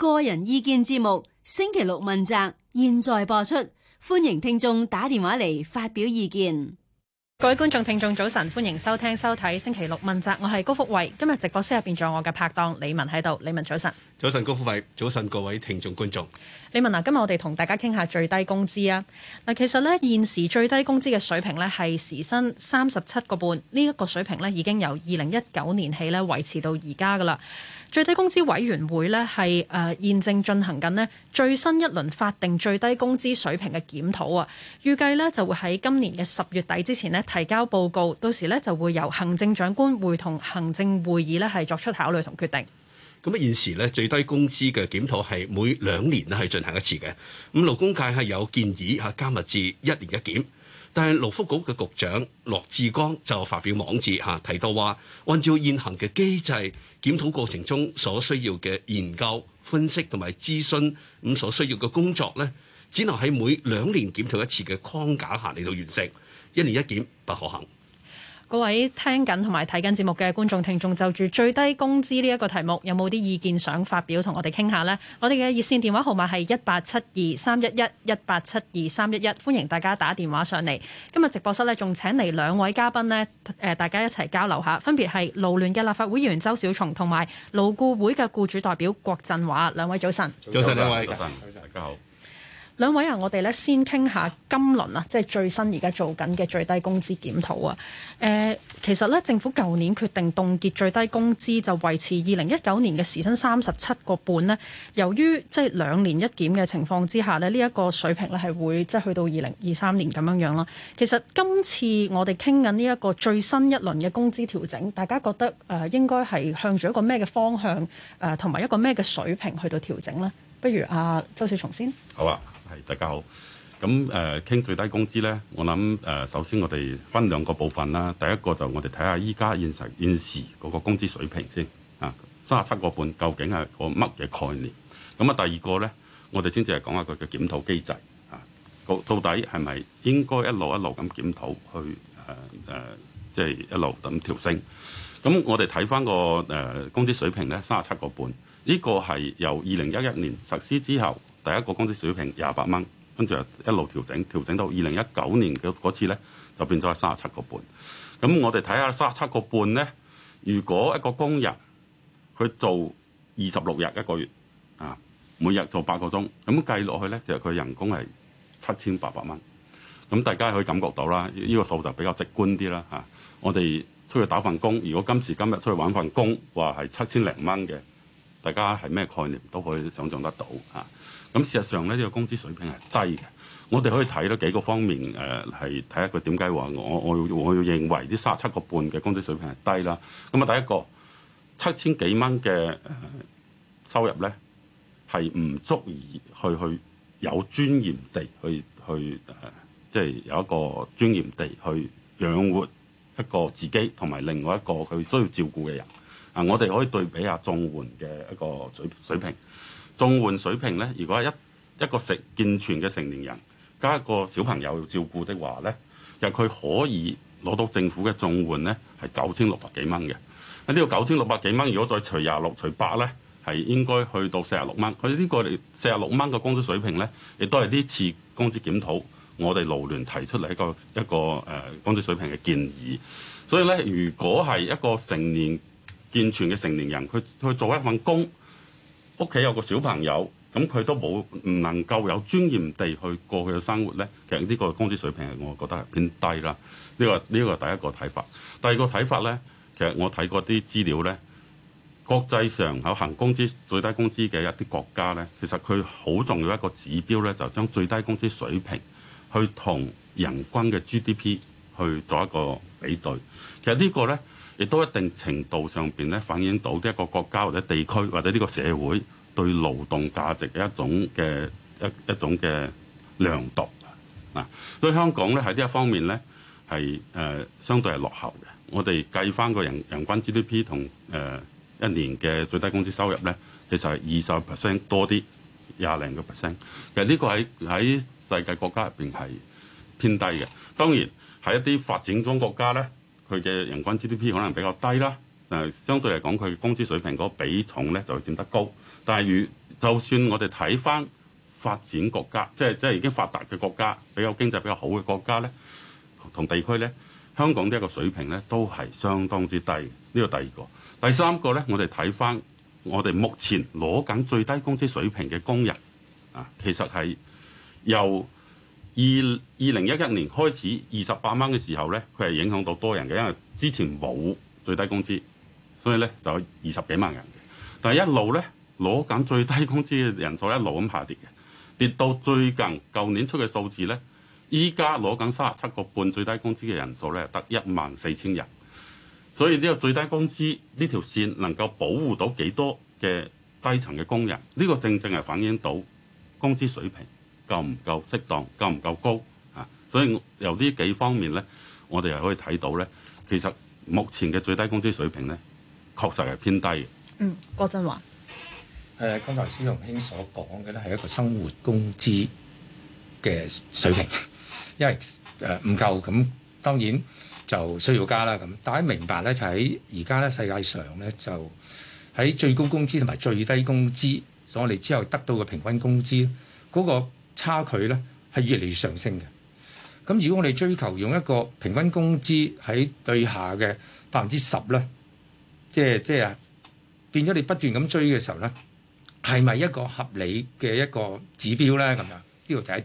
個人意見節目星期六問責，現在播出，歡迎聽眾打電話嚟發表意見。各位觀眾聽眾早晨，歡迎收聽收睇星期六問責，我係高福慧，今日直播室入邊仲有我嘅拍檔李文喺度，李文早晨。早晨高福慧，早晨各位聽眾觀眾，李文嗱、啊，今日我哋同大家傾下最低工資啊嗱，其實咧現時最低工資嘅水平咧係時薪三十七個半，呢一個水平咧已經由二零一九年起咧維持到而家噶啦。最低工資委員會咧係誒現正進行緊咧最新一輪法定最低工資水平嘅檢討啊，預計咧就會喺今年嘅十月底之前咧提交報告，到時咧就會由行政長官會同行政會議咧係作出考慮同決定。咁現時咧最低工資嘅檢討係每兩年咧係進行一次嘅，咁勞工界係有建議吓加密至一年一檢。.但係勞福局嘅局長羅致光就發表網誌吓提到話，按照現行嘅機制，檢討過程中所需要嘅研究、分析同埋諮詢，咁所需要嘅工作咧，只能喺每兩年檢討一次嘅框架下嚟到完成，一年一檢不可行。各位聽緊同埋睇緊節目嘅觀眾聽眾，就住最低工資呢一個題目，有冇啲意見想發表同我哋傾下呢？我哋嘅熱線電話號碼係一八七二三一一一八七二三一一，歡迎大家打電話上嚟。今日直播室呢，仲請嚟兩位嘉賓呢，誒大家一齊交流下，分別係勞聯嘅立法會議員周小松同埋勞顧會嘅僱主代表郭振華。兩位早晨，早晨兩位，早晨，大家好。兩位啊，我哋咧先傾下今輪啊，即係最新而家做緊嘅最低工資檢討啊。其實咧政府舊年決定凍結最低工資，就維持二零一九年嘅時薪三十七個半呢。由於即係兩年一檢嘅情況之下呢，呢、這、一個水平咧係會即係去到二零二三年咁樣樣咯。其實今次我哋傾緊呢一個最新一輪嘅工資調整，大家覺得誒、呃、應該係向住一個咩嘅方向同埋、呃、一個咩嘅水平去到調整呢？不如阿、啊、周少松先好啊。係大家好，咁誒傾最低工資咧，我諗誒首先我哋分兩個部分啦。第一個就我哋睇下依家現實現時，現時個個工資水平先啊，三十七個半究竟係個乜嘢概念？咁啊，第二個咧，我哋先至係講下佢嘅檢討機制啊，到到底係咪應該一路一路咁檢討去誒誒，即係一路咁調升？咁我哋睇翻個誒工資水平咧，三十七個半，呢個係由二零一一年實施之後。第一個工資水平廿八蚊，跟住一路調整，調整到二零一九年嘅嗰次呢，就變咗係三十七個半。咁我哋睇下三十七個半呢，如果一個工人佢做二十六日一個月，啊，每日做八個鐘，咁計落去呢，其實佢人工係七千八百蚊。咁大家可以感覺到啦，呢個數就比較直觀啲啦嚇。我哋出去打份工，如果今時今日出去揾份工話係七千零蚊嘅，大家係咩概念都可以想象得到啊。咁事實上咧，呢、這個工資水平係低嘅。我哋可以睇到幾個方面，誒係睇一個點解話我我我要認為啲三十七個半嘅工資水平係低啦。咁啊，第一個七千幾蚊嘅收入咧，係唔足以去去有尊嚴地去去即係、呃就是、有一個尊嚴地去養活一個自己同埋另外一個佢需要照顧嘅人。啊、呃，我哋可以對比下綜援嘅一個水水平。綜援水平咧，如果係一一個成健全嘅成年人加一個小朋友照顧的話咧，其實佢可以攞到政府嘅綜援咧係九千六百幾蚊嘅。呢個九千六百幾蚊，如果再除廿六除八咧，係應該去到四十六蚊。佢呢個四十六蚊嘅工資水平咧，亦都係呢次工資檢討我哋勞聯提出嚟一個一個誒工資水平嘅建議。所以咧，如果係一個成年健全嘅成年人，佢去做一份工。屋企有個小朋友，咁佢都冇唔能夠有尊嚴地去過佢嘅生活呢。其實呢個工資水平，我覺得係偏低啦。呢、呢個呢、呢個、第一個睇法。第二個睇法呢，其實我睇過啲資料呢，國際上有行工資最低工資嘅一啲國家呢，其實佢好重要一個指標呢，就將、是、最低工資水平去同人均嘅 GDP 去做一個比對。其實呢個呢。亦都一定程度上邊咧反映到呢一個國家或者地區或者呢個社會對勞動價值嘅一種嘅一一種嘅量度啊，所以香港咧喺呢一方面咧係誒相對係落後嘅。我哋計翻個人人均 GDP 同誒一年嘅最低工資收入咧，其實係二十 percent 多啲，廿零個 percent。其實呢個喺喺世界國家入邊係偏低嘅。當然喺一啲發展中國家咧。佢嘅人均 GDP 可能比較低啦，誒，相對嚟講佢工資水平嗰個比重咧就會佔得高，但係如就算我哋睇翻發展國家，即係即係已經發達嘅國家，比較經濟比較好嘅國家咧，同地區咧，香港呢一個水平咧都係相當之低。呢個第二個，第三個咧，我哋睇翻我哋目前攞緊最低工資水平嘅工人啊，其實係由，二二零一一年開始，二十八蚊嘅時候呢，佢係影響到多人嘅，因為之前冇最低工資，所以呢就有二十幾萬人。但係一路呢，攞緊最低工資嘅人數一路咁下跌，跌到最近舊年出嘅數字呢，依家攞緊三十七個半最低工資嘅人數呢，得一萬四千人。所以呢個最低工資呢條線能夠保護到幾多嘅低層嘅工人？呢個正正係反映到工資水平。夠唔夠適當？夠唔夠高啊？所以由呢幾方面咧，我哋又可以睇到咧，其實目前嘅最低工資水平咧，確實係偏低的。嗯，郭振華，誒、呃，剛才小松兄所講嘅咧，係一個生活工資嘅水平， 因為誒唔夠，咁、呃、當然就需要加啦。咁大家明白咧，就喺而家咧，世界上咧就喺最高工資同埋最低工資，所以我哋之後得到嘅平均工資嗰、那個。差距咧係越嚟越上升嘅。咁如果我哋追求用一個平均工資喺對下嘅百分之十咧，即係即係變咗你不斷咁追嘅時候咧，係咪一個合理嘅一個指標咧？咁樣呢個第一點。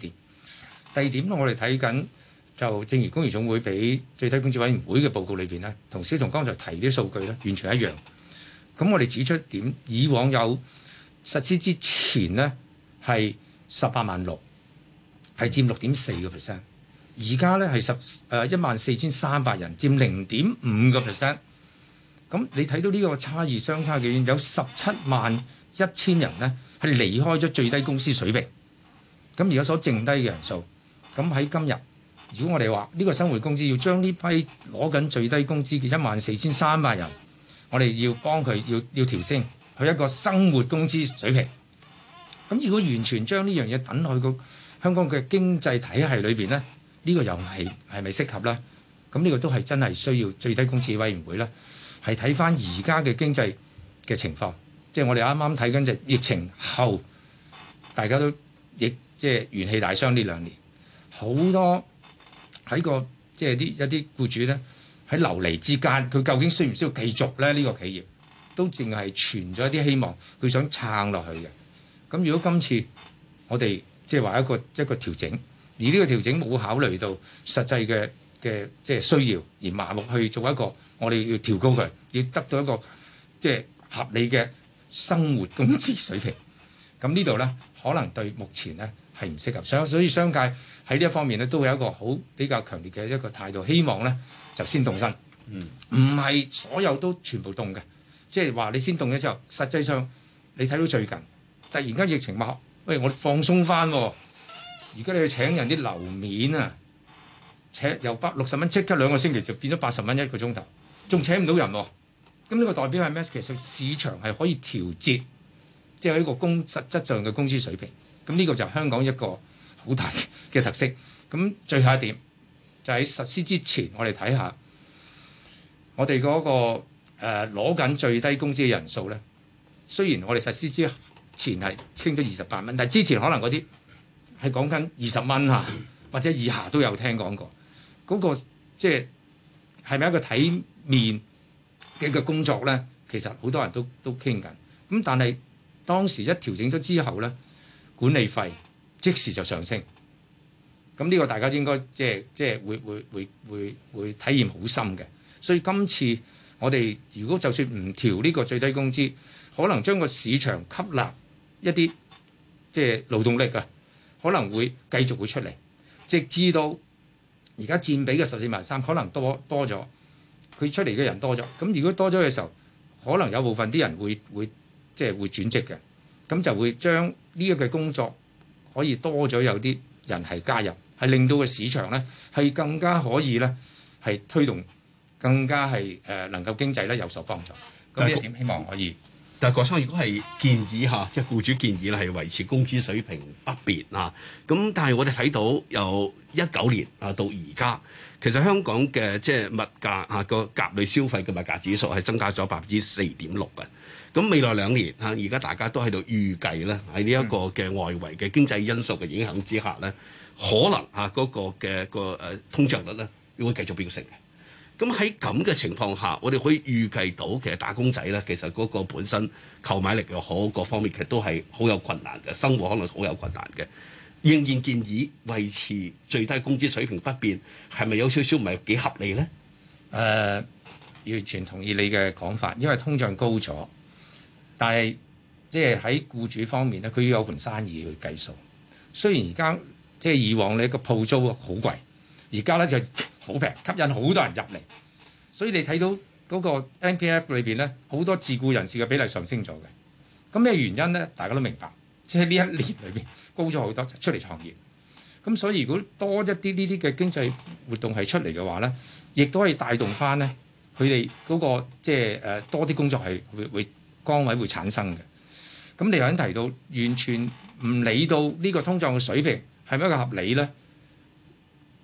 第二點咧，我哋睇緊就正如工業總會俾最低工資委員會嘅報告裏邊咧，同小松剛才提啲數據咧完全一樣。咁我哋指出點，以往有實施之前咧係。十八萬六係佔六點四個 percent，而家咧係十誒一萬四千三百人佔零點五個 percent，咁你睇到呢個差異相差幾遠？有十七萬一千人咧係離開咗最低工資水平，咁而家所剩低嘅人數，咁喺今日，如果我哋話呢個生活工資要將呢批攞緊最低工資嘅一萬四千三百人，我哋要幫佢要要調升去一個生活工資水平。咁如果完全將呢樣嘢等去個香港嘅經濟體系裏邊咧，呢個又係係咪適合咧？咁呢個都係真係需要最低工資委員會咧，係睇翻而家嘅經濟嘅情況，即係我哋啱啱睇緊就疫情後，大家都亦即係元氣大傷呢兩年，好多喺個即係啲一啲雇主咧喺流離之間，佢究竟需唔需要繼續咧？呢個企業都淨係存咗一啲希望，佢想撐落去嘅。咁如果今次我哋即係話一個一個調整，而呢個調整冇考慮到實際嘅嘅即係需要，而盲目去做一個我哋要調高佢，要得到一個即係、就是、合理嘅生活工資水平。咁呢度咧，可能對目前咧係唔適合。所所以商界喺呢一方面咧，都會有一個好比較強烈嘅一個態度，希望咧就先動身。嗯，唔係所有都全部動嘅，即係話你先動咗之後，實際上你睇到最近。突然間疫情擘，喂！我哋放鬆翻，而家你去請人啲樓面啊，請由百六十蚊，即刻兩個星期就變咗八十蚊一個鐘頭，仲請唔到人。咁呢個代表係咩？其實市場係可以調節，即係一個工實質上嘅工資水平。咁呢個就係香港一個好大嘅特色。咁最後一點就喺、是、實施之前我看看，我哋睇下我哋嗰個攞緊、呃、最低工資嘅人數咧。雖然我哋實施之前係傾咗二十八蚊，但係之前可能嗰啲係講緊二十蚊吓，或者以下都有聽講過。嗰個即係係咪一個體面嘅嘅工作呢？其實好多人都都傾緊。咁但係當時一調整咗之後呢，管理費即時就上升。咁呢個大家應該即係即係會會會會會體驗好深嘅。所以今次我哋如果就算唔調呢個最低工資，可能將個市場吸納。一啲即係勞動力啊，可能會繼續會出嚟，直至到而家佔比嘅十四萬三，可能多多咗，佢出嚟嘅人多咗。咁如果多咗嘅時候，可能有部分啲人會會即係會轉職嘅，咁就會將呢一個工作可以多咗有啲人係加入，係令到個市場咧係更加可以咧係推動更加係誒、呃、能夠經濟咧有所幫助。咁呢一點希望可以。郭生，如果係建議嚇，即係僱主建議咧，係維持工資水平不變啊。咁但係我哋睇到由一九年啊到而家，其實香港嘅即係物價嚇個甲類消費嘅物價指數係增加咗百分之四點六嘅。咁未來兩年啊，而家大家都喺度預計咧，喺呢一個嘅外圍嘅經濟因素嘅影響之下咧，可能嚇嗰個嘅個誒通脹率咧會繼續飆升嘅。咁喺咁嘅情況下，我哋可以預計到其實打工仔咧，其實嗰個本身購買力又好，各方面其實都係好有困難嘅，生活可能好有困難嘅。仍然建議維持最低工資水平不變，係咪有少少唔係幾合理咧？誒、呃，完全同意你嘅講法，因為通脹高咗，但係即係喺僱主方面咧，佢要有一份生意去計數。雖然而家即係以往你個鋪租好貴，而家咧就，好平，吸引好多人入嚟，所以你睇到嗰個 MPF 裏邊咧，好多自僱人士嘅比例上升咗嘅。咁咩原因咧？大家都明白，即係呢一年裏邊高咗好多，出嚟創業，咁所以如果多一啲呢啲嘅經濟活動係出嚟嘅話咧，亦都可以帶動翻咧佢哋嗰個即係誒多啲工作係會會崗位會產生嘅。咁你頭先提到完全唔理到呢個通脹嘅水平係咪一個合理咧？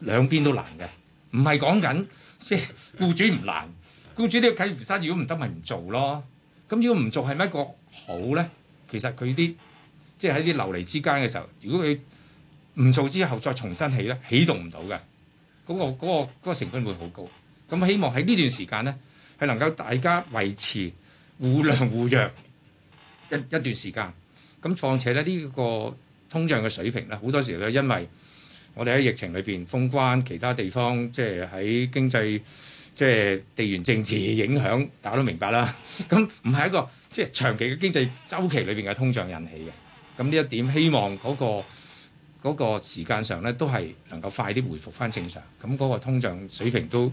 兩邊都難嘅。唔係講緊即係僱主唔難，僱主都要睇負，如果唔得咪唔做咯。咁如果唔做係咩個好咧？其實佢啲即係喺啲流離之間嘅時候，如果佢唔做之後再重新起咧，起動唔到嘅。嗰、嗰個嗰個成本會好高。咁希望喺呢段時間咧，係能夠大家維持互諒互讓一一段時間。咁況且咧，呢、呢個通脹嘅水平咧，好多時咧因為。我哋喺疫情裏邊封關，其他地方即係喺經濟即係地緣政治影響，大家都明白啦。咁唔係一個即係長期嘅經濟周期裏邊嘅通脹引起嘅。咁呢一點希望嗰個嗰個時間上咧都係能夠快啲回復翻正常。咁嗰個通脹水平都。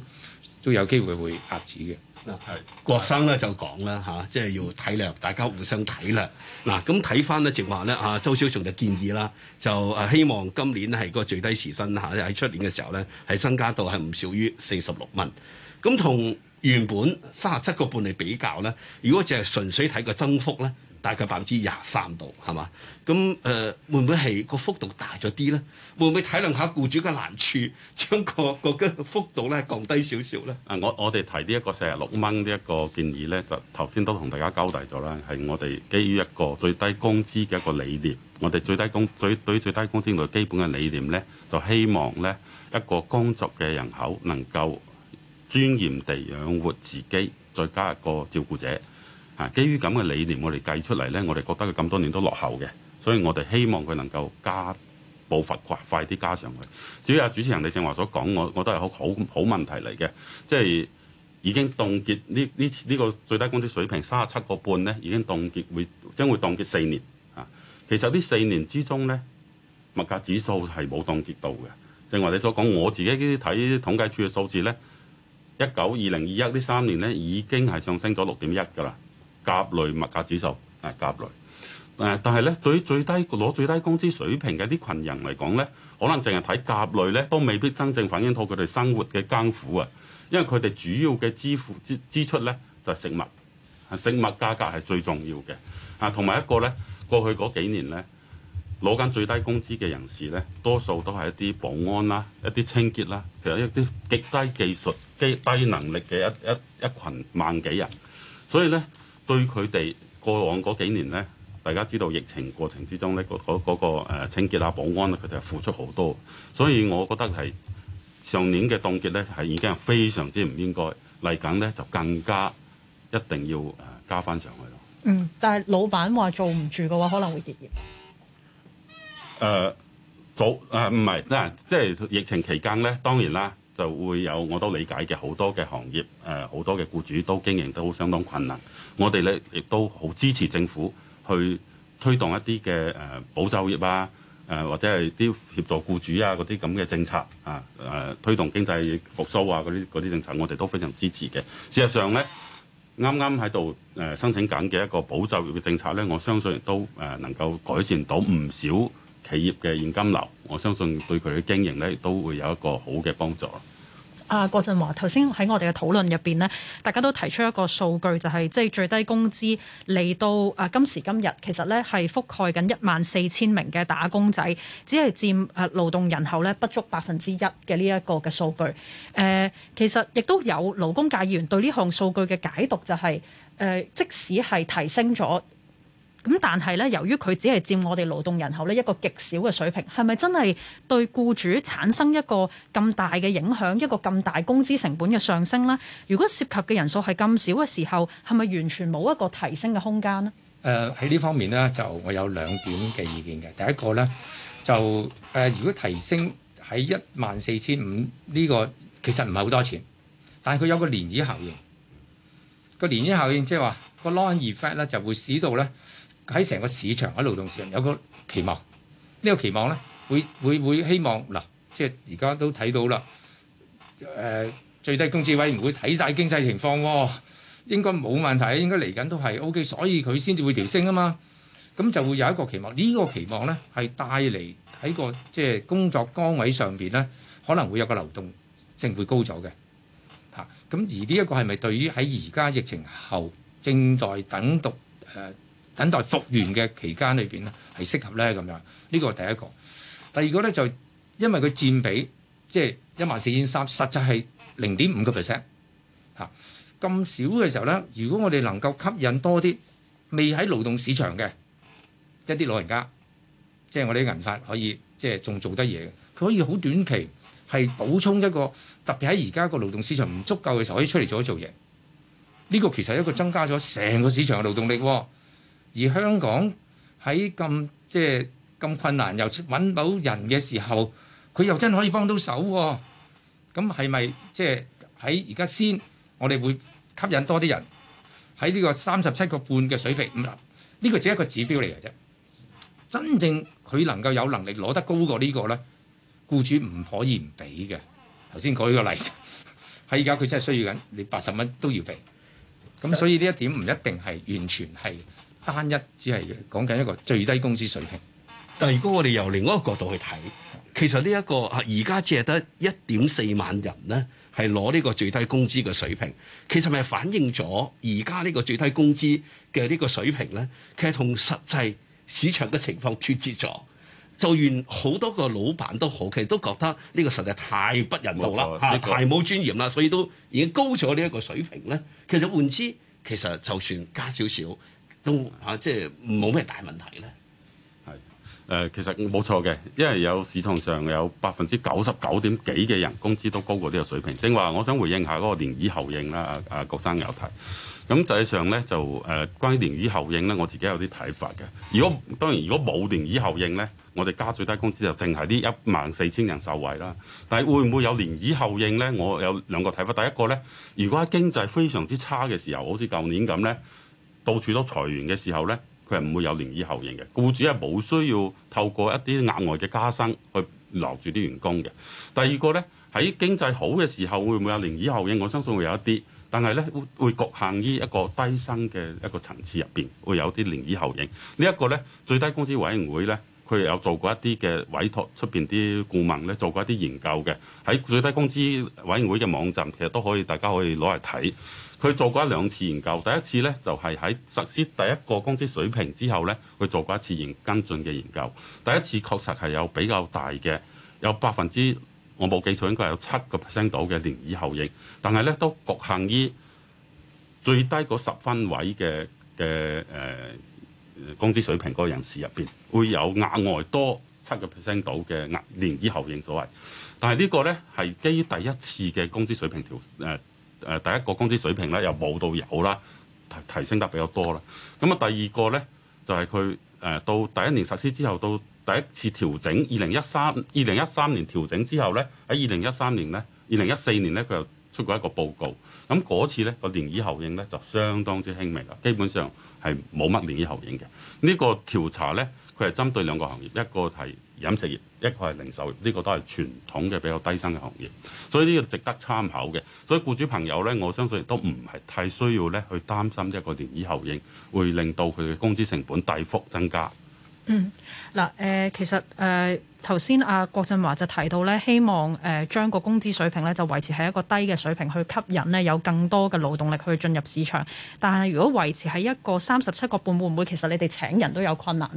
都有機會會壓止嘅，嗱，係郭生咧就講啦嚇，即係要體諒，大家互相體諒。嗱，咁睇翻咧，直話咧嚇，周小松嘅建議啦，就希望今年咧係個最低時薪嚇，喺出年嘅時候咧，係增加到係唔少於四十六蚊。咁同原本三十七個半嚟比較咧，如果淨係純粹睇個增幅咧。大概百分之廿三度，係嘛？咁誒、呃，會唔會係個幅度大咗啲咧？會唔會體諒下僱主嘅難處，將個個嘅幅度咧降低少少咧？啊，我我哋提呢一個四十六蚊呢一個建議咧，就頭先都同大家交代咗啦，係我哋基於一個最低工資嘅一個理念，我哋最低工最對最低工資內基本嘅理念咧，就希望咧一個工作嘅人口能夠尊嚴地養活自己，再加一個照顧者。啊！基於咁嘅理念，我哋計出嚟咧，我哋覺得佢咁多年都落後嘅，所以我哋希望佢能夠加步伐快啲加上去。至於啊，主持人李正華所講，我我都係好好好問題嚟嘅，即係已經凍結呢呢呢個最低工資水平三十七個半咧，已經凍結會將會凍結四年啊。其實呢四年之中咧，物價指數係冇凍結到嘅。正話你所講，我自己啲睇統計處嘅數字咧，一九二零二一呢三年咧已經係上升咗六點一㗎啦。的了甲類物價指數，誒甲類誒，但係咧，對於最低攞最低工資水平嘅啲群人嚟講咧，可能淨係睇甲類咧，都未必真正反映到佢哋生活嘅艱苦啊。因為佢哋主要嘅支付支支出咧就係、是、食物，食物價格係最重要嘅啊。同埋一個咧，過去嗰幾年咧攞緊最低工資嘅人士咧，多數都係一啲保安啦、一啲清潔啦，其實一啲極低技術、極低能力嘅一一一羣萬幾人，所以咧。對佢哋過往嗰幾年呢，大家知道疫情過程之中呢，嗰嗰嗰個、呃、清潔啊保安啊，佢哋係付出好多，所以我覺得係上年嘅凍結呢，係已經非常之唔應該，嚟緊呢，就更加一定要誒加翻上去咯。嗯，但係老闆話做唔住嘅話，可能會結業。誒、呃，早誒唔係，即係疫情期間呢，當然啦。就會有我都理解嘅好多嘅行業，誒、呃、好多嘅僱主都經營都相當困難。我哋咧亦都好支持政府去推動一啲嘅誒保就業啊，誒、呃、或者係啲協助僱主啊嗰啲咁嘅政策啊，誒、呃、推動經濟復甦啊嗰啲啲政策，我哋都非常支持嘅。事實上咧，啱啱喺度誒申請緊嘅一個保就業嘅政策咧，我相信亦都誒能夠改善到唔少企業嘅現金流。我相信對佢嘅經營咧，亦都會有一個好嘅幫助。阿、啊、郭振華，頭先喺我哋嘅討論入邊咧，大家都提出一個數據，就係、是、即係最低工資嚟到啊今時今日，其實咧係覆蓋緊一萬四千名嘅打工仔，只係佔啊勞動人口咧不足百分之一嘅呢一個嘅數據。誒、啊，其實亦都有勞工界議員對呢項數據嘅解讀、就是，就係誒即使係提升咗。咁但係咧，由於佢只係佔我哋勞動人口咧一個極少嘅水平，係咪真係對僱主產生一個咁大嘅影響，一個咁大工資成本嘅上升咧？如果涉及嘅人數係咁少嘅時候，係咪完全冇一個提升嘅空間呢？誒、呃，喺呢方面咧，就我有兩點嘅意見嘅。第一個咧，就誒、呃，如果提升喺一萬四千五呢個，其實唔係好多錢，但係佢有個漣漪效應。個漣漪效應即係話個 long effect 咧，就會使到咧。喺成個市場，喺勞動市場有個期望。呢個期望咧，會會會希望嗱，即係而家都睇到啦。誒，最低工資委員會睇晒經濟情況喎，應該冇問題，應該嚟緊都係 OK，所以佢先至會調升啊嘛。咁就會有一個期望。呢個期望咧，係帶嚟喺個即係工作崗位上邊咧，可能會有個流動性會高咗嘅嚇。咁而呢一個係咪對於喺而家疫情後正在等讀誒？呃等待復原嘅期間裏邊咧，係適合咧咁樣。呢個係第一個，第二個咧就是因為佢佔比即係一萬四千三，實際係零點五個 percent 吓咁少嘅時候咧，如果我哋能夠吸引多啲未喺勞動市場嘅一啲老人家，即係我哋啲銀發可以即係仲做得嘢嘅，佢可以好短期係補充一個特別喺而家個勞動市場唔足夠嘅時候，可以出嚟做一做嘢。呢個其實係一個增加咗成個市場嘅勞動力。而香港喺咁即係咁困難又揾到人嘅時候，佢又真可以幫到手喎。咁係咪即係喺而家先，我哋會吸引多啲人喺呢個三十七個半嘅水平，唔，呢個只係一個指標嚟嘅啫。真正佢能夠有能力攞得高過呢個咧，僱主唔可以唔俾嘅。頭先舉個例子，喺而家佢真係需要緊你八十蚊都要俾。咁所以呢一點唔一定係完全係。單一只係講緊一個最低工資水平，但係如果我哋由另外一個角度去睇，其實呢一個啊，而家只係得一點四萬人咧係攞呢個最低工資嘅水平，其實咪反映咗而家呢個最低工資嘅呢個水平咧，其實同實際市場嘅情況脫節咗。就願好多個老闆都好，其實都覺得呢個實在太不人道啦，冇錯，太冇尊嚴啦，所以都已經高咗呢一個水平咧。其實換之，其實就算加少少。吓、啊，即係冇咩大問題咧。係，誒、呃，其實冇錯嘅，因為有市場上有百分之九十九點幾嘅人工資都高過呢個水平。正話，我想回應下嗰個漣漪效應啦，阿、啊啊、郭生有提。咁、嗯、實際上咧，就誒、呃、關於漣漪效應咧，我自己有啲睇法嘅。如果當然，如果冇漣漪效應咧，我哋加最低工資就淨係呢一萬四千人受惠啦。但係會唔會有漣漪效應咧？我有兩個睇法。第一個咧，如果喺經濟非常之差嘅時候，好似舊年咁咧。到處都裁員嘅時候呢，佢係唔會有漣漪效應嘅。僱主係冇需要透過一啲額外嘅加薪去留住啲員工嘅。第二個呢，喺經濟好嘅時候會唔會有漣漪效應？我相信會有一啲，但係呢，會局限於一個低薪嘅一個層次入邊會有啲漣漪效應。呢、這、一個呢，最低工資委員會呢，佢有做過一啲嘅委託，出邊啲顧問呢，做過一啲研究嘅。喺最低工資委員會嘅網站其實都可以，大家可以攞嚟睇。佢做過一兩次研究，第一次咧就係喺實施第一個工資水平之後咧，佢做過一次研跟進嘅研究。第一次確實係有比較大嘅，有百分之我冇記錯應該係有七個 percent 度嘅漣漪效應，但係咧都局限於最低嗰十分位嘅嘅誒工資水平嗰人士入邊，會有額外多七個 percent 度嘅額漣漪效應所謂。但係呢個咧係基於第一次嘅工資水平調誒。呃誒第一個工資水平咧又冇到有啦，提提升得比較多啦。咁啊，第二個咧就係佢誒到第一年實施之後，到第一次調整二零一三二零一三年調整之後咧，喺二零一三年咧，二零一四年咧，佢又出過一個報告。咁嗰次咧個漣漪效應咧就相當之輕微啦，基本上係冇乜漣漪效應嘅呢、呢個調查咧，佢係針對兩個行業，一個係。飲食業、一個係零售業，呢個都係傳統嘅比較低薪嘅行業，所以呢個值得參考嘅。所以僱主朋友咧，我相信亦都唔係太需要咧去擔心一個連倚後應會令到佢嘅工資成本大幅增加。嗯，嗱，誒，其實，誒、呃，頭先阿郭振華就提到咧，希望誒、呃、將個工資水平咧就維持喺一個低嘅水平去吸引呢有更多嘅勞動力去進入市場。但係如果維持喺一個三十七個半，會唔會其實你哋請人都有困難？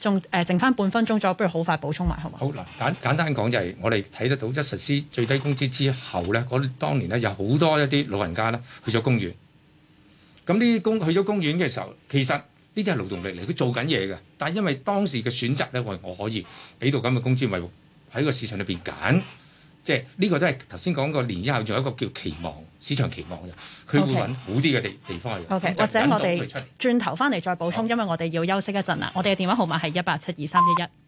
仲誒，剩翻半分鐘咗，不如好快補充埋，好嘛？好。嗱，簡簡單講就係我哋睇得到一實施最低工資之後咧，嗰當年咧有好多一啲老人家咧去咗公園。咁呢啲工去咗公園嘅時候，其實呢啲係勞動力嚟，佢做緊嘢㗎。但係因為當時嘅選擇咧，我我可以俾到咁嘅工資，為喺個市場裏邊揀，即係呢個都係頭先講過，連之後仲有一個叫期望市場期望嘅，佢會揾好啲嘅地地方去。Okay. Okay. 或者我哋轉頭翻嚟再補充，因為我哋要休息一陣啦。我哋嘅電話號碼係一八七二三一一。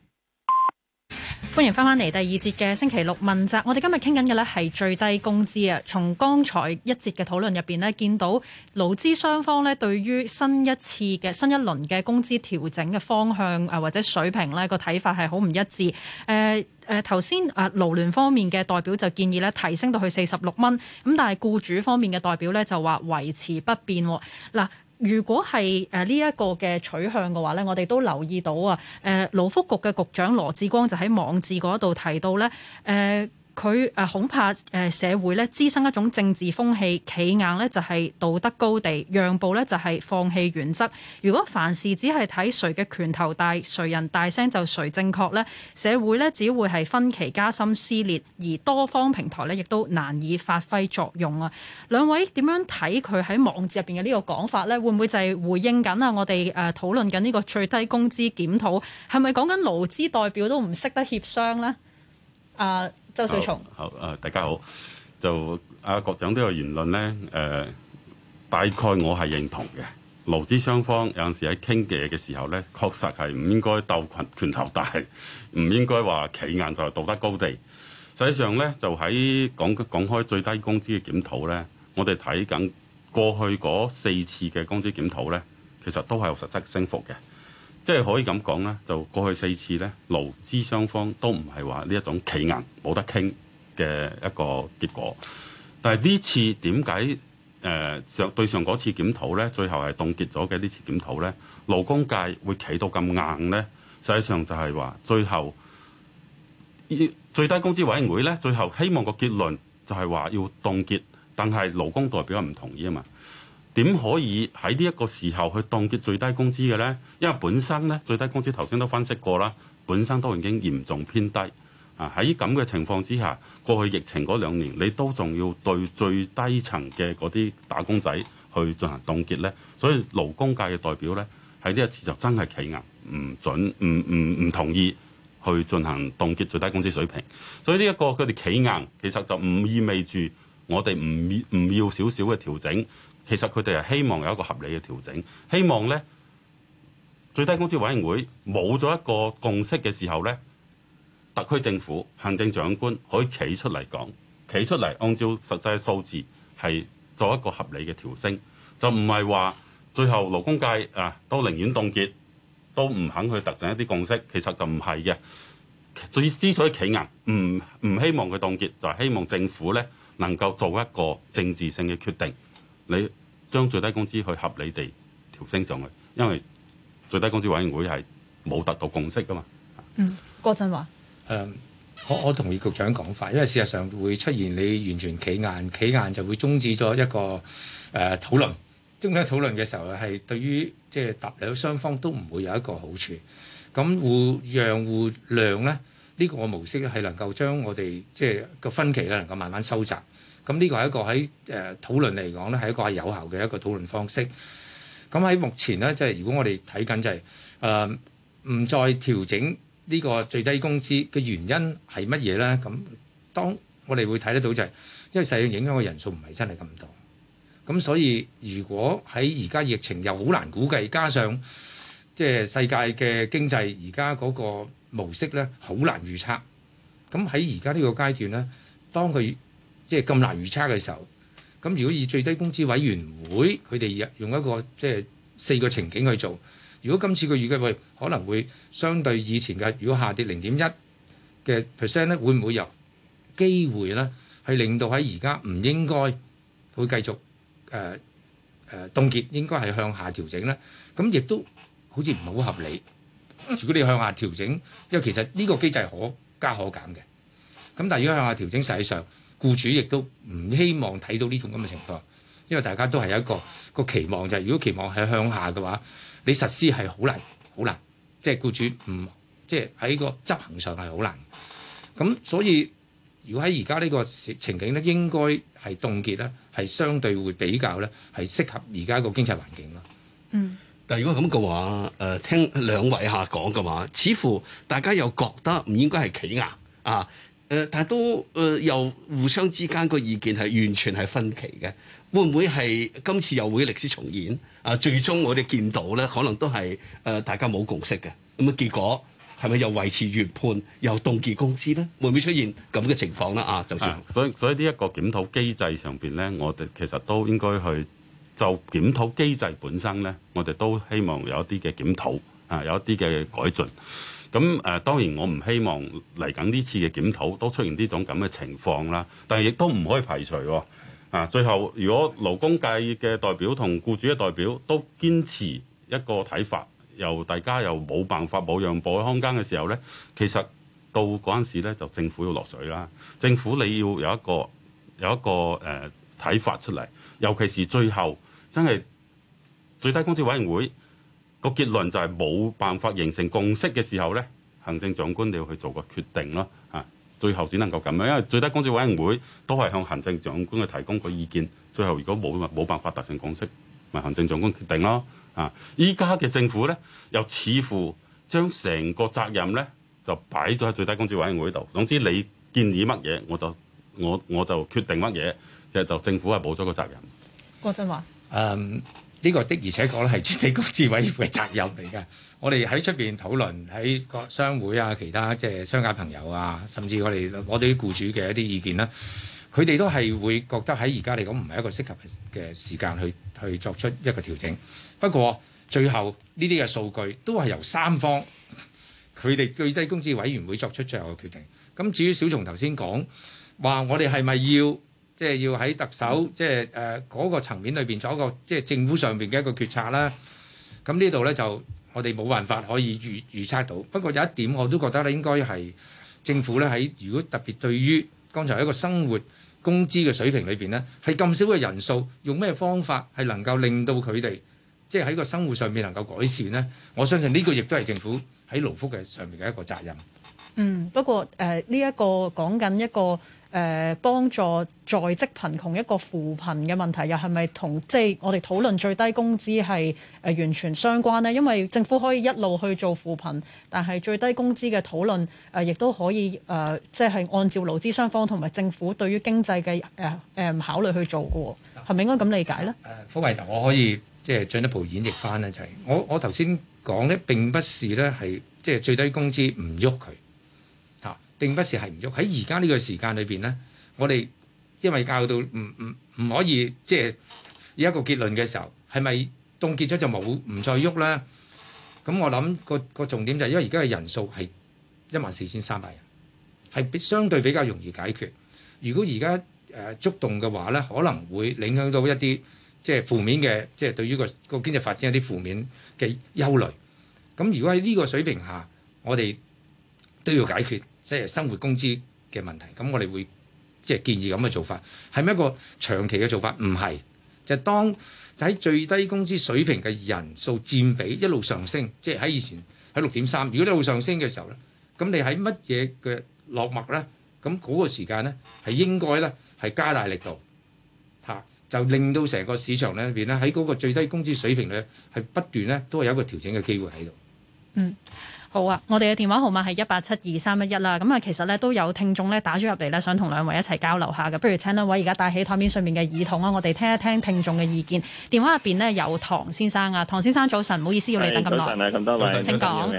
歡迎翻翻嚟第二節嘅星期六問責。我哋今日傾緊嘅呢係最低工資啊。從剛才一節嘅討論入邊呢，見到勞資雙方呢對於新一次嘅新一輪嘅工資調整嘅方向，呃，或者水平呢個睇法係好唔一致。誒、呃、誒，頭先誒勞聯方面嘅代表就建議呢提升到去四十六蚊，咁但係僱主方面嘅代表呢就話維持不變。嗱、呃。如果係誒呢一個嘅取向嘅話咧，我哋都留意到啊，誒、呃、勞福局嘅局長羅致光就喺網誌嗰度提到咧，誒、呃。佢誒恐怕誒社會咧滋生一種政治風氣，企硬咧就係道德高地，讓步咧就係放棄原則。如果凡事只係睇誰嘅拳頭大，誰人大聲就誰正確咧，社會咧只會係分歧加深、撕裂，而多方平台咧亦都難以發揮作用啊！兩位點樣睇佢喺網誌入邊嘅呢個講法呢？會唔會就係回應緊啊？我哋誒討論緊呢個最低工資檢討，係咪講緊勞資代表都唔識得協商呢？啊、uh,！好,好，大家好，就阿郭長呢個言論咧、呃，大概我係認同嘅，勞資雙方有陣時喺傾偈嘅時候咧，確實係唔應該鬥拳拳頭大，唔應該話企硬就係道德高地。實際上咧，就喺講,講開最低工資嘅檢討咧，我哋睇緊過去嗰四次嘅工資檢討咧，其實都係有實質升幅嘅。即係可以咁講咧，就過去四次咧，勞資雙方都唔係話呢一種企硬冇得傾嘅一個結果。但係呢次點解誒上對上嗰次檢討咧，最後係凍結咗嘅，呢次檢討咧，勞工界會企到咁硬咧？實際上就係話最後最低工資委員會咧，最後希望個結論就係話要凍結，但係勞工代表係唔同意啊嘛。點可以喺呢一個時候去凍結最低工資嘅呢？因為本身呢，最低工資頭先都分析過啦，本身都已經嚴重偏低啊。喺咁嘅情況之下，過去疫情嗰兩年，你都仲要對最低層嘅嗰啲打工仔去進行凍結呢。所以勞工界嘅代表呢，喺呢一次就真係企硬，唔準唔唔唔同意去進行凍結最低工資水平。所以呢一個佢哋企硬，其實就唔意味住我哋唔唔要少少嘅調整。其實佢哋係希望有一個合理嘅調整，希望咧最低工資委員會冇咗一個共識嘅時候咧，特區政府行政長官可以企出嚟講，企出嚟按照實際數字係做一個合理嘅調升，就唔係話最後勞工界啊都寧願凍結，都唔肯去達成一啲共識，其實就唔係嘅。之所以企硬，唔唔希望佢凍結，就係希望政府咧能夠做一個政治性嘅決定。你將最低工資去合理地調升上去，因為最低工資委員會係冇達到共識噶嘛。嗯，郭振華。誒、uh，我我同意局長講法，因為事實上會出現你完全企硬，企硬就會終止咗一個誒、呃、討論。終止、呃、討論嘅時候係對於即係達兩雙方都唔會有一個好處。咁互讓互諒咧，讓呢、呢個模式係能夠將我哋即係個分歧咧能夠慢慢收窄。咁呢個係一個喺誒討論嚟講呢，係一個係有效嘅一個討論方式。咁喺目前呢，即係如果我哋睇緊就係誒唔再調整呢個最低工資嘅原因係乜嘢呢？咁當我哋會睇得到就係、是、因為實際影響嘅人數唔係真係咁多。咁所以如果喺而家疫情又好難估計，加上即係世界嘅經濟而家嗰個模式呢，好難預測。咁喺而家呢個階段呢，當佢即係咁難預測嘅時候，咁如果以最低工資委員會佢哋用一個即係四個情景去做，如果今次個預計會可能會相對以前嘅，如果下跌零點一嘅 percent 咧，會唔會有機會咧，係令到喺而家唔應該會繼續誒誒、呃呃、凍結，應該係向下調整咧？咁亦都好似唔係好合理。如果你向下調整，因為其實呢個機制係可加可減嘅，咁但係如果向下調整，實際上僱主亦都唔希望睇到呢種咁嘅情況，因為大家都係有一個一個期望就係、是，如果期望係向下嘅話，你實施係好難好難，即係、就是、僱主唔即係喺個執行上係好難。咁所以如果喺而家呢個情景咧，應該係凍結咧，係相對會比較咧係適合而家個經濟環境咯。嗯，但係如果咁嘅話，誒、呃、聽兩位下講嘅話，似乎大家又覺得唔應該係企硬啊。誒，但係都誒，又互相之間個意見係完全係分歧嘅，會唔會係今次又會歷史重演？啊，最終我哋見到咧，可能都係誒、呃、大家冇共識嘅，咁嘅結果係咪又維持原判，又凍結工資咧？會唔會出現咁嘅情況咧？啊，就算。所以所以呢一個檢討機制上邊咧，我哋其實都應該去就檢討機制本身咧，我哋都希望有一啲嘅檢討，啊，有一啲嘅改進。咁誒當然我唔希望嚟緊呢次嘅檢討都出現呢種咁嘅情況啦，但係亦都唔可以排除喎。啊，最後如果勞工界嘅代表同僱主嘅代表都堅持一個睇法，又大家又冇辦法冇讓步嘅空間嘅時候呢，其實到嗰陣時就政府要落水啦。政府你要有一個有一個誒睇法出嚟，尤其是最後真係最低工資委員會。個結論就係冇辦法形成共識嘅時候咧，行政長官你要去做個決定咯。嚇，最後只能夠咁樣，因為最低工資委員會都係向行政長官去提供個意見，最後如果冇冇辦法達成共識，咪行政長官決定咯。啊，依家嘅政府咧，又似乎將成個責任咧就擺咗喺最低工資委員會度。總之你建議乜嘢，我就我我就決定乜嘢，其實就政府係冇咗個責任。郭振華，嗯、um。呢、這個的而且確咧係最低工資委員會嘅責任嚟㗎。我哋喺出邊討論喺各商會啊、其他即係商界朋友啊，甚至我哋我哋啲僱主嘅一啲意見啦，佢哋都係會覺得喺而家嚟講唔係一個適合嘅時間去去作出一個調整。不過最後呢啲嘅數據都係由三方佢哋最低工資委員會作出最後嘅決定。咁至於小松頭先講話，我哋係咪要？即、就、係、是、即係要喺特首，即係誒嗰個層面裏邊做一個，即、就、係、是、即係政府上面嘅一個決策啦。咁呢度咧就我哋冇辦法可以預預測到。不過有一點，我都覺得咧應該係政府咧喺如果特別對於剛才一個生活工資嘅水平裏邊咧，係咁少嘅人數，用咩方法係能夠令到佢哋即係喺個生活上面能夠改善咧？我相信呢個亦都係政府喺勞福嘅上面嘅一個責任。嗯，不過誒呢一個講緊一個。誒、呃、幫助在職貧窮一個扶貧嘅問題，又係咪同即係我哋討論最低工資係完全相關呢？因為政府可以一路去做扶貧，但係最低工資嘅討論誒，亦、呃、都可以、呃、即係按照勞資雙方同埋政府對於經濟嘅、呃、考慮去做嘅喎，係咪應該咁理解呢？誒、呃，富偉，我可以即係進一步演繹翻呢。就係、是、我我頭先講咧，並不是咧係即係最低工資唔喐佢。並不是係唔喐喺而家呢個時間裏邊咧，我哋因為教到唔唔唔可以即係、就是、有一個結論嘅時候，係咪凍結咗就冇唔再喐咧？咁我諗、那個個重點就係因為而家嘅人數係一萬四千三百人，係相對比較容易解決。如果而家誒觸動嘅話咧，可能會影響到一啲即係負面嘅，即、就、係、是、對於個個經濟發展一啲負面嘅憂慮。咁如果喺呢個水平下，我哋都要解決。即係生活工資嘅問題，咁我哋會即係建議咁嘅做法係咪一個長期嘅做法？唔係，就係、當喺最低工資水平嘅人數佔比一路上升，即係喺以前喺六點三，如果一路上升嘅時候咧，咁你喺乜嘢嘅落墨咧？咁嗰個時間咧係應該咧係加大力度嚇，就令到成個市場裏邊咧喺嗰個最低工資水平裏係不斷咧都係有一個調整嘅機會喺度。嗯。好啊，我哋嘅電話號碼係一八七二三一一啦。咁啊，其實咧都有聽眾咧打咗入嚟咧，想同兩位一齊交流下嘅。不如請兩位而家戴起台面上面嘅耳筒啊，我哋聽一聽聽眾嘅意見。電話入邊咧有唐先生啊，唐先生早晨，唔好意思要你等咁耐。早晨，咁多位，請講。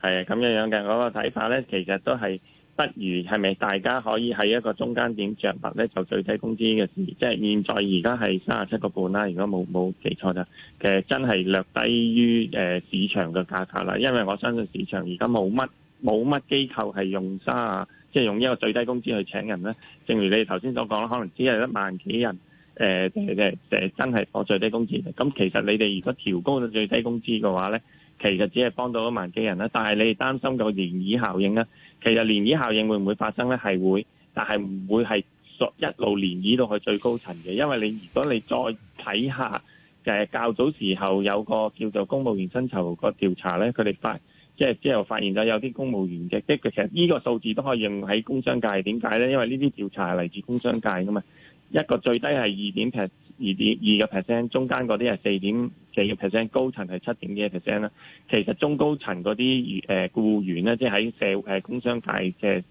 係咁嘅樣嘅，我個睇法咧，其實都係。不如係咪大家可以喺一個中間點着墨呢？就最低工資嘅事，即係現在而家係三十七個半啦。如果冇冇記錯就，其實真係略低於誒、呃、市場嘅價格啦。因為我相信市場而家冇乜冇乜機構係用三啊，即係用一個最低工資去請人呢。正如你哋頭先所講啦，可能只係一萬幾人誒誒誒，真係攞最低工資。咁其實你哋如果調高咗最低工資嘅話呢，其實只係幫到一萬幾人啦。但係你哋擔心個漣漪效應呢？其實漣漪效應會唔會發生呢？係會，但係唔會係一路漣漪到去最高層嘅，因為你如果你再睇下誒、即係、較早時候有個叫做公務員薪酬個調查呢，佢哋發即係之後發現咗有啲公務員嘅，即係其實呢個數字都可以用喺工商界。點解呢？因為呢啲調查係嚟自工商界㗎嘛，一個最低係二點二點二個 percent，中間嗰啲係四點。四個 percent，高層係七點幾 percent 啦。其實中高層嗰啲誒雇員咧，即係喺社誒工商界嘅，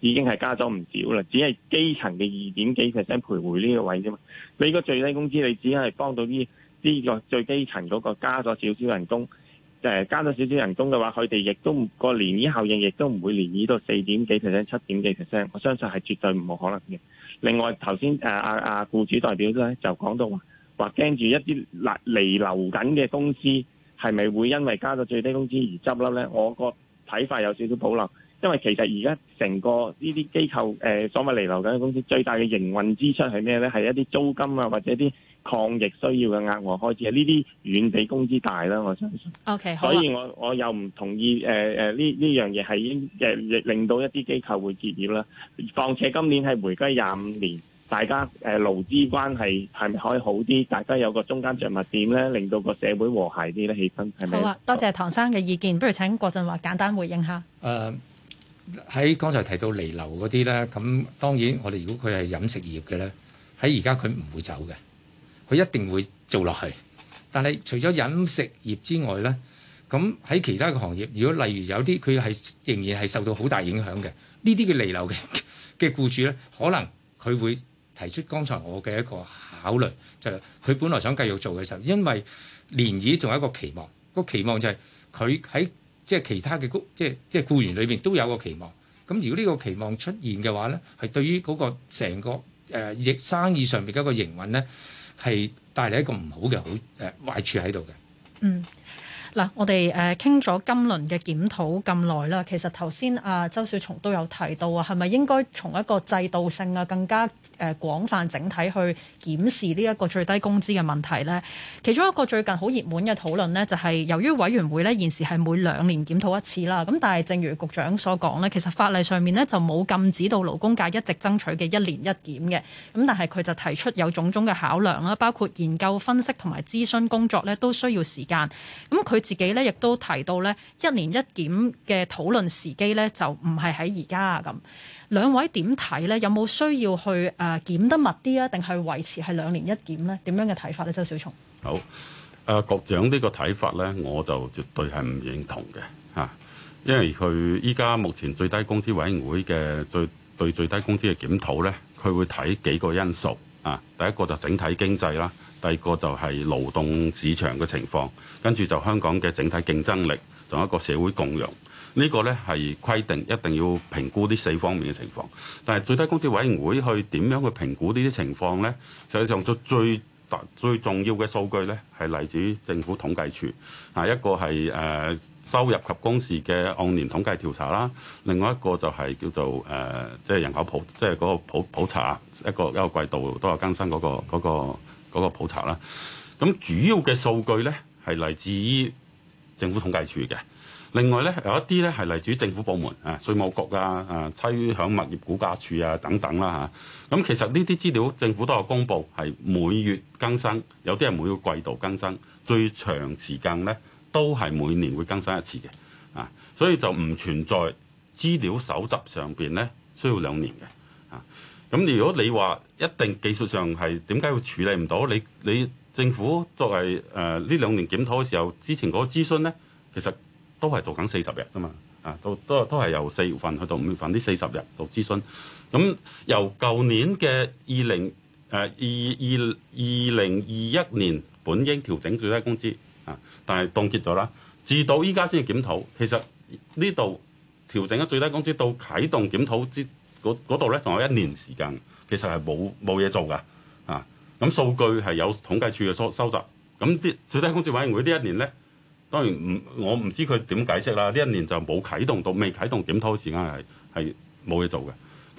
已經係加咗唔少啦。只係基層嘅二點幾 percent 徘徊呢個位啫嘛。你個最低工資，你只係幫到啲呢個最基層嗰個加咗少少人工，誒加咗少少人工嘅話，佢哋亦都個連漪效應亦都唔會連漪到四點幾 percent、七點幾 percent。我相信係絕對冇可能嘅。另外頭先誒阿阿僱主代表咧就講到話，或驚住一啲離流緊嘅公司係咪會因為加到最低工資而執笠呢？我個睇法有少少保留，因為其實而家成個呢啲機構、呃、所謂離流緊嘅公司，最大嘅營運支出係咩呢？係一啲租金啊，或者啲抗疫需要嘅額外開支，係呢啲遠比工資大啦。我相信。Okay, 好。所以我我又唔同意呢呢樣嘢係已經令到一啲機構會結業啦。況且今年係回歸廿五年。大家誒、呃、勞資關係係咪可以好啲？大家有個中間着物點咧，令到個社會和諧啲咧，氣氛係咪？好啊，多謝唐生嘅意見，不如請郭振華簡單回應下。誒、呃、喺剛才提到離流嗰啲咧，咁當然我哋如果佢係飲食業嘅咧，喺而家佢唔會走嘅，佢一定會做落去。但係除咗飲食業之外咧，咁喺其他嘅行業，如果例如有啲佢係仍然係受到好大影響嘅，呢啲叫離流嘅嘅僱主咧，可能佢會。提出剛才我嘅一個考慮，就佢、係、本來想繼續做嘅時候，因為連已仲有一個期望，個期望就係佢喺即係其他嘅即係即係僱員裏邊都有一個期望。咁如果呢個期望出現嘅話咧，係對於嗰個成個誒業、呃、生意上面嘅一個營運咧，係帶嚟一個唔好嘅好誒壞處喺度嘅。嗯。嗱，我哋誒傾咗今輪嘅檢討咁耐啦，其實頭先啊周小松都有提到啊，係咪應該從一個制度性啊更加誒、呃、廣泛整體去檢視呢一個最低工資嘅問題呢？其中一個最近好熱門嘅討論呢，就係、是、由於委員會咧現時係每兩年檢討一次啦，咁但係正如局長所講咧，其實法例上面呢就冇禁止到勞工界一直爭取嘅一年一檢嘅，咁但係佢就提出有種種嘅考量啦，包括研究分析同埋諮詢工作咧都需要時間，咁佢。自己咧亦都提到咧，一年一檢嘅討論時機咧就唔係喺而家啊，咁。兩位點睇咧？有冇需要去啊呃、檢得密啲啊？定係維持係兩年一檢咧？點樣嘅睇法咧？周小松，好啊，局長呢個睇法咧，我就絕對係唔認同嘅吓、啊，因為佢依家目前最低工資委員會嘅最對最低工資嘅檢討咧，佢會睇幾個因素。啊！第一個就整體經濟啦，第二個就係勞動市場嘅情況，跟住就香港嘅整體競爭力，仲有一個社會共融，呢、呢個呢係規定一定要評估呢四方面嘅情況。但係最低工資委員會去點樣去評估呢啲情況呢？實際上最最最重要嘅數據咧，係嚟自於政府統計處。啊，一個係誒收入及工時嘅按年統計調查啦，另外一個就係叫做誒即係人口普，即係嗰普普查，一個一個季度都有更新嗰、嗰個嗰、嗰個嗰個、普查啦。咁主要嘅數據咧，係嚟自於政府統計處嘅。另外咧，有一啲咧係嚟自政府部門，啊，稅務局啊，啊，差餉物業估價署啊，等等啦嚇。咁其實呢啲資料政府都有公布，係每月更新，有啲係每個季度更新，最長時間咧都係每年會更新一次嘅啊。所以就唔存在資料搜集上面咧需要兩年嘅啊。咁如果你話一定技術上係點解會處理唔到你，你政府作為誒呢兩年檢討嘅時候，之前嗰個諮詢咧，其實都係做緊四十日啫嘛，啊，都都都係由四月份去到五月份呢四十日做諮詢。咁由舊年嘅二零誒二二二零二一年本應調整最低工資啊，但係凍結咗啦，至到依家先至檢討。其實呢度調整咗最低工資到啟動檢討之嗰度咧，仲有一年時間。其實係冇冇嘢做噶啊。咁數據係有統計處嘅收收集。咁啲最低工資委員會呢一年咧。當然唔，我唔知佢點解釋啦。呢一年就冇啟動到，未啟動檢討時間係係冇嘢做嘅。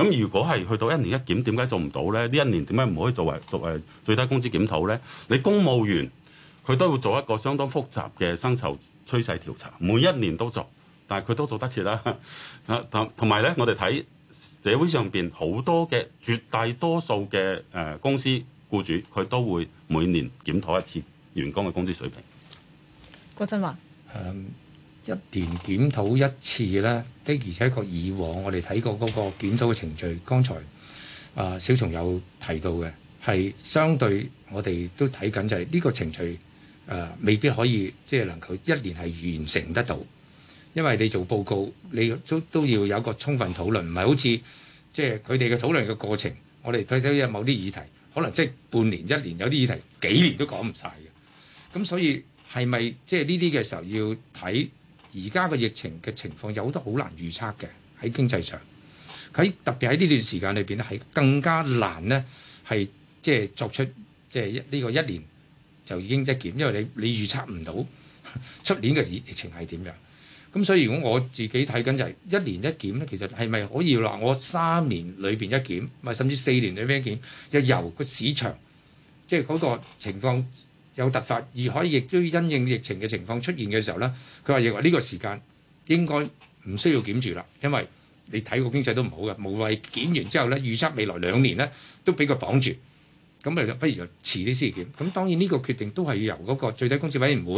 咁如果係去到一年一檢，點解做唔到呢？呢一年點解唔可以作為作為最低工資檢討呢？你公務員佢都會做一個相當複雜嘅薪酬趨勢調查，每一年都做，但係佢都做得切啦。同埋呢，我哋睇社會上邊好多嘅絕大多數嘅誒公司僱主，佢都會每年檢討一次員工嘅工資水平。郭振華，一年檢討一次咧，的而且確以往我哋睇過嗰個檢討嘅程序，剛才啊、呃、小松有提到嘅，係相對我哋都睇緊就係呢個程序誒、呃，未必可以即係能夠一年係完成得到，因為你做報告，你都都要有個充分討論，唔係好似即係佢哋嘅討論嘅過程，我哋睇睇有某啲議題，可能即係半年、一年有啲議題幾年都講唔晒嘅，咁所以。係咪即係呢啲嘅時候要睇而家個疫情嘅情況，有好多好難預測嘅喺經濟上，喺特別喺呢段時間裏邊咧，係更加難咧，係即係作出即係呢個一年就已經一檢，因為你你預測唔到出年嘅疫情係點樣。咁所以如果我自己睇緊就係一年一檢咧，其實係咪可以話我三年裏邊一檢，唔係甚至四年裏邊一檢，又由個市場即係嗰個情況。有突發，而可以亦都因應疫情嘅情況出現嘅時候咧，佢話認為呢個時間應該唔需要檢住啦，因為你睇個經濟都唔好嘅，無謂檢完之後咧，預測未來兩年咧都俾佢綁住，咁啊不如就遲啲先檢。咁當然呢個決定都係要由嗰個最低工資委員會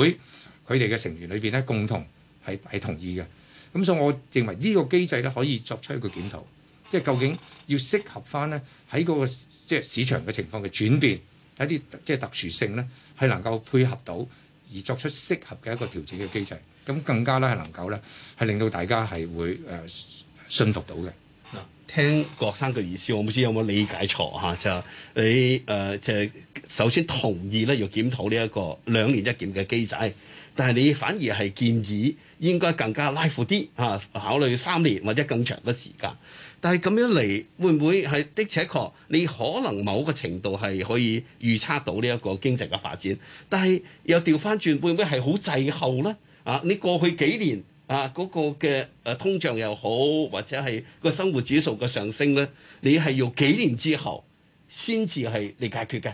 佢哋嘅成員裏邊咧共同係係同意嘅。咁所以我認為呢個機制咧可以作出一個檢討，即係究竟要適合翻咧喺嗰個即係市場嘅情況嘅轉變。一啲即係特殊性咧，係能夠配合到而作出適合嘅一個調整嘅機制，咁更加咧係能夠咧係令到大家係會誒信服到嘅。嗱，聽郭生嘅意思，我唔知有冇理解錯嚇，就、你誒就係、首先同意咧要檢討呢一個兩年一檢嘅機制。但係你反而係建議應該更加拉闊啲啊，考慮三年或者更長嘅時間。但係咁樣嚟會唔會係的確確？你可能某個程度係可以預測到呢一個經濟嘅發展。但係又調翻轉，會唔會係好滯後咧？啊，你過去幾年啊嗰個嘅誒通脹又好，或者係個生活指數嘅上升咧，你係要幾年之後先至係嚟解決嘅。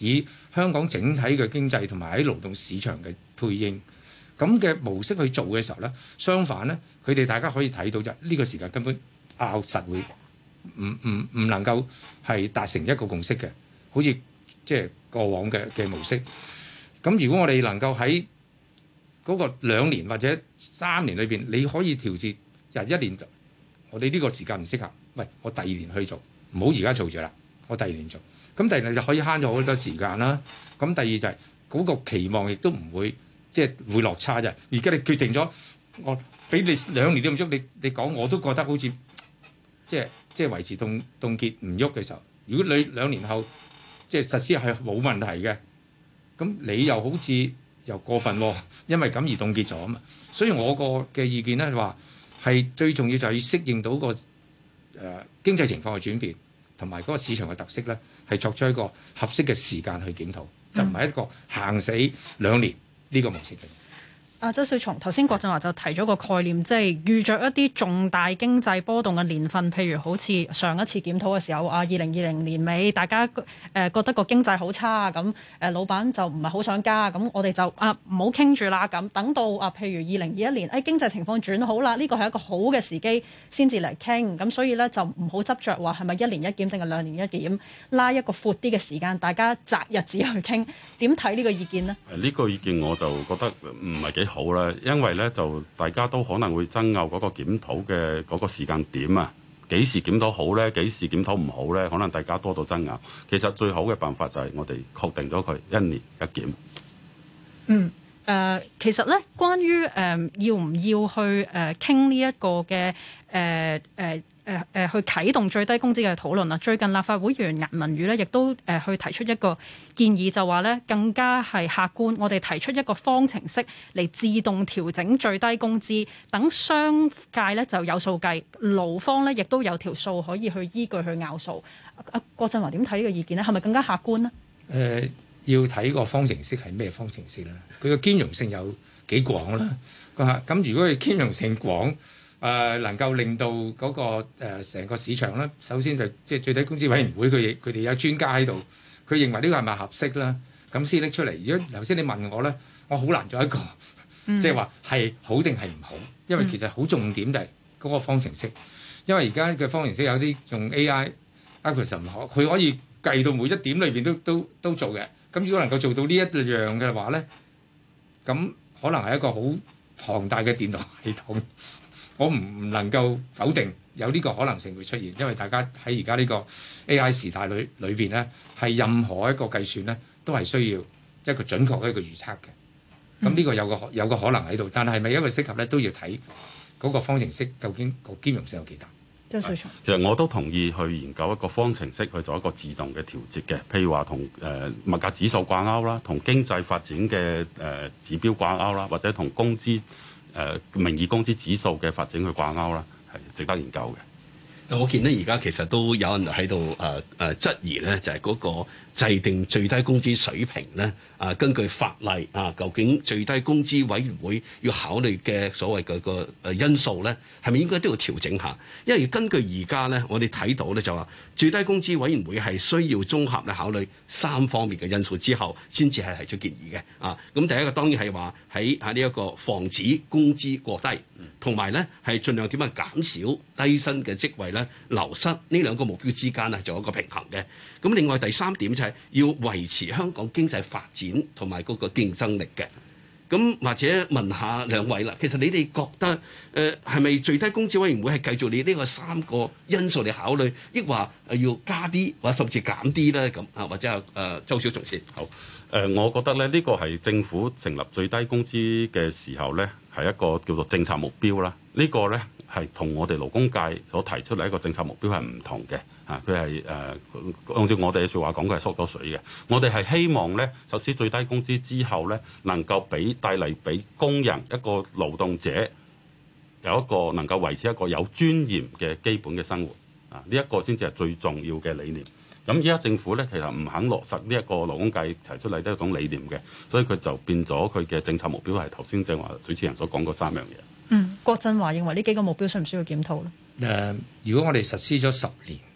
以香港整體嘅經濟同埋喺勞動市場嘅配應咁嘅模式去做嘅時候呢，相反呢，佢哋大家可以睇到就呢、呢個時間根本拗、啊、實會唔唔唔能夠係達成一個共識嘅，好似即係過往嘅嘅模式。咁、嗯、如果我哋能夠喺嗰個兩年或者三年裏邊，你可以調節就係、一年，我哋呢個時間唔適合，喂，我第二年去做，唔好而家做住啦。我第二年做，咁第二年就可以慳咗好多時間啦。咁第二就係嗰個期望亦都唔會即係會落差啫。而家你決定咗，我俾你兩年都唔喐，你你講我都覺得好似即係即係維持凍凍結唔喐嘅時候，如果你兩年後即係實施係冇問題嘅，咁你又好似又過分喎，因為咁而凍結咗啊嘛。所以我個嘅意見咧就話係最重要就係適應到個誒經濟情況嘅轉變。同埋嗰個市場嘅特色咧，係作出一個合適嘅時間去檢討，就唔係一個行死兩年呢個模式嘅。阿周小松，頭先郭振華就提咗個概念，即係遇着一啲重大經濟波動嘅年份，譬如好似上一次檢討嘅時候，啊，二零二零年尾，大家誒、呃、覺得個經濟好差啊，咁、嗯、誒老闆就唔係好想加，咁、嗯、我哋就啊唔好傾住啦，咁、嗯、等到啊譬如二零二一年，誒、哎、經濟情況轉好啦，呢個係一個好嘅時機才，先至嚟傾，咁所以呢，就唔好執着話係咪一年一檢定係兩年一檢，拉一個闊啲嘅時間，大家擇日子去傾，點睇呢個意見呢？呢、啊這個意見我就覺得唔係幾好。好啦，因為咧，就大家都可能會爭拗嗰個檢討嘅嗰個時間點啊，幾時檢討好咧？幾時檢討唔好咧？可能大家多到爭拗。其實最好嘅辦法就係我哋確定咗佢一年一檢。嗯，誒、呃，其實咧關於誒、呃、要唔要去誒傾呢一個嘅誒誒。呃呃誒、呃、誒、呃，去啟動最低工資嘅討論啦。最近立法會議員顏文宇呢，亦都誒、呃、去提出一個建議就，就話呢更加係客觀。我哋提出一個方程式嚟自動調整最低工資，等商界呢就有數計，勞方呢亦都有條數可以去依據去拗數。阿、啊啊、郭振華點睇呢個意見呢？係咪更加客觀呢？誒、呃，要睇個方程式係咩方程式呢？佢個兼容性有幾廣啦？咁如果佢兼容性廣，誒、呃、能夠令到嗰、嗰個成、呃、個市場咧，首先就即係最低工資委員會佢哋，佢佢哋有專家喺度，佢認為呢個係咪合適啦？咁先拎出嚟。如果頭先你問我咧，我好難做一個，即係話係好定係唔好，因為其實好重點就係嗰個方程式，嗯、因為而家嘅方程式有啲用 A I，Apple 唔好，佢可以計到每一點裏邊都都都做嘅。咁如果能夠做到呢一樣嘅話咧，咁可能係一個好龐大嘅電腦系統。我唔能夠否定有呢個可能性會出現，因為大家喺而家呢個 AI 時代裏裏邊呢，係任何一個計算呢都係需要一個準確嘅一個預測嘅。咁呢個有個有個可能喺度，但係咪一個適合呢？都要睇嗰個方程式究竟個兼容性有幾大。周、嗯、瑞其實我都同意去研究一個方程式去做一個自動嘅調節嘅，譬如話同誒物價指數掛鈎啦，同經濟發展嘅指標掛鈎啦，或者同工資。誒、呃、名義工資指數嘅發展去掛鈎啦，係值得研究嘅。我見到而家其實都有人喺度誒誒質疑咧，就係嗰、嗰個。制定最低工資水平咧，啊，根據法例啊，究竟最低工資委員會要考慮嘅所謂嘅個誒因素咧，係咪應該都要調整一下？因為根據而家咧，我哋睇到咧就話最低工資委員會係需要綜合咧考慮三方面嘅因素之後先至係提出建議嘅啊。咁第一個當然係話，喺喺呢一個防止工資過低，同埋咧係盡量點樣減少低薪嘅職位咧流失呢兩個目標之間咧做一個平衡嘅。咁另外第三點，就係係要維持香港經濟發展同埋嗰個競爭力嘅，咁或者問下兩位啦。其實你哋覺得誒係咪最低工資委員會係繼續你呢個三個因素嚟考慮，抑或要加啲或者甚至減啲咧？咁啊，或者啊誒、呃，周小松先好。誒、呃，我覺得咧呢個係政府成立最低工資嘅時候咧，係一個叫做政策目標啦。這個、呢個咧係同我哋勞工界所提出嚟一個政策目標係唔同嘅。啊！佢係誒，按照我哋嘅説話講，佢係縮咗水嘅。我哋係希望咧實施最低工資之後咧，能夠俾帶嚟俾工人一個勞動者有一個能夠維持一個有尊嚴嘅基本嘅生活啊！呢、這、一個先至係最重要嘅理念。咁而家政府咧其實唔肯落實呢一個勞工界提出嚟嘅一種理念嘅，所以佢就變咗佢嘅政策目標係頭先正話主持人所講嗰三樣嘢。嗯，郭振華認為呢幾個目標需唔需要檢討咧？誒、呃，如果我哋實施咗十年。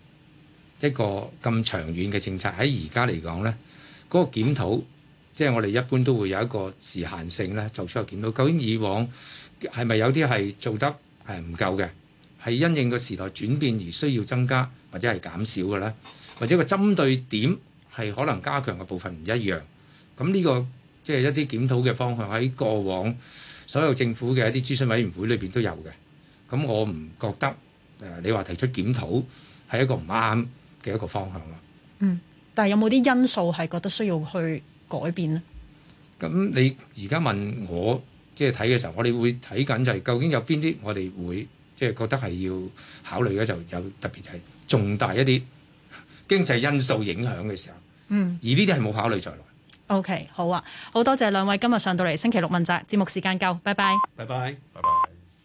一個咁長遠嘅政策喺而家嚟講，呢嗰個檢討即係、就是、我哋一般都會有一個時限性，呢做出個檢討。究竟以往係咪有啲係做得係唔夠嘅？係因應個時代轉變而需要增加或者係減少嘅呢？或者個針對點係可能加強嘅部分唔一樣？咁呢個即係一啲檢討嘅方向喺過往所有政府嘅一啲諮詢委員會裏邊都有嘅。咁我唔覺得誒，你話提出檢討係一個唔啱嘅一個方向啦。嗯，但係有冇啲因素係覺得需要去改變咧？咁你而家問我，即係睇嘅時候，我哋會睇緊就係究竟有邊啲我哋會即係、就是、覺得係要考慮嘅，就有特別就係重大一啲經濟因素影響嘅時候。嗯，而呢啲係冇考慮在內。OK，好啊，好多謝兩位今日上到嚟星期六問責節目時間夠，拜拜，拜拜。